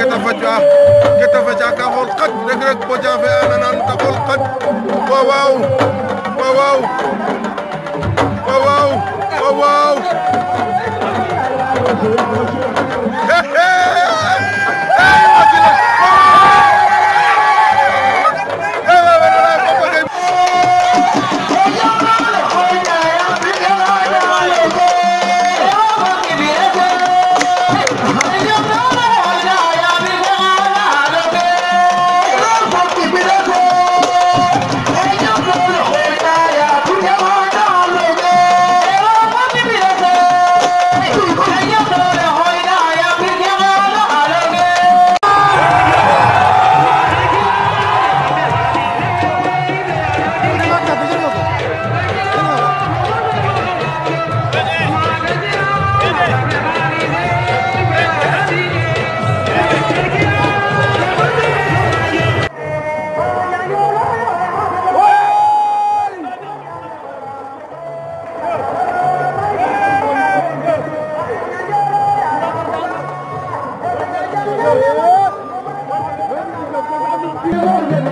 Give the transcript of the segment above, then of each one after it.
keta faca a faca ka xool xat Reug a nanan ta xool xat waaw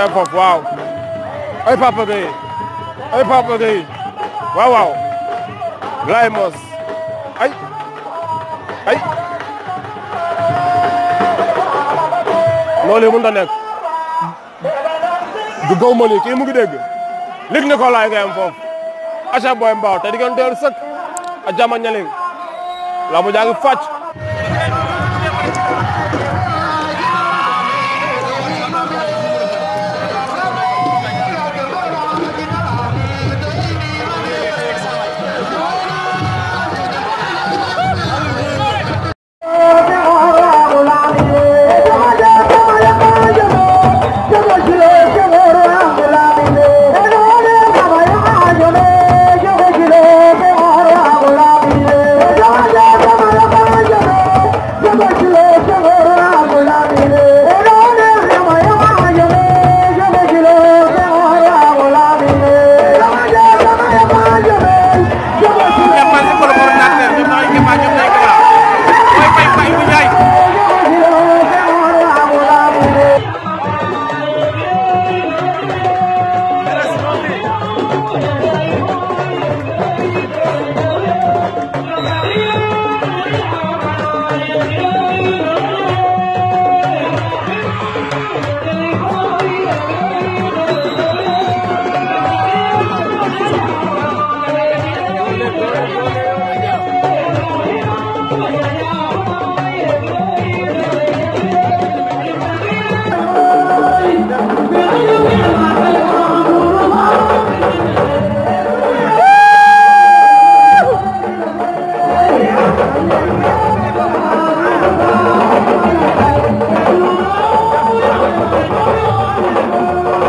Ndiaye Pop waaw ay Papa Gueye ay Papa Gueye waaw waaw laay moos ay ay loolu mën na nekk du gaw ma nii kii mu ko laay ngay am aca booy mbaaw te di ngeen doon sëkk a jama ñaling la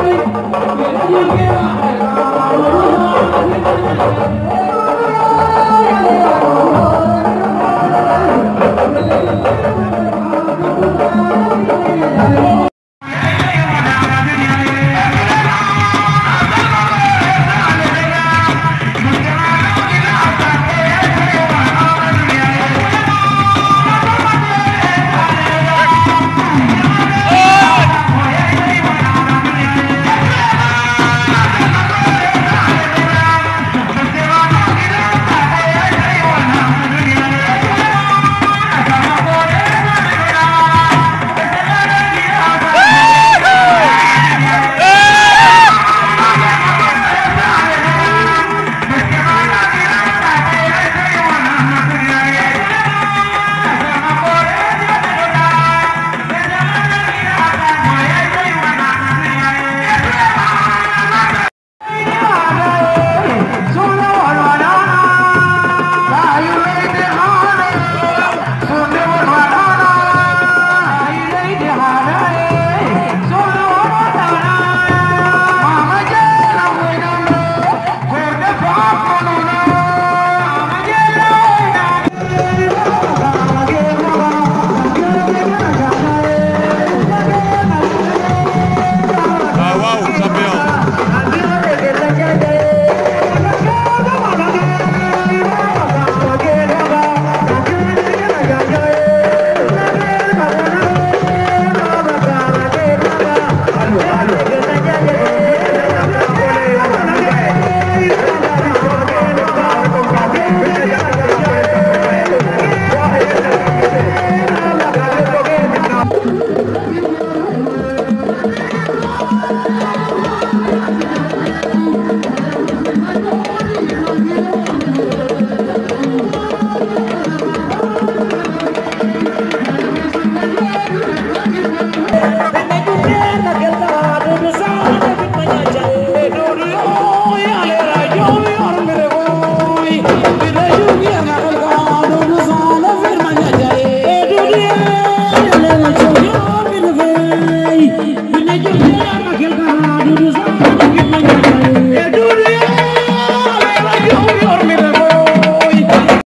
بيچيي گيا هے آ آ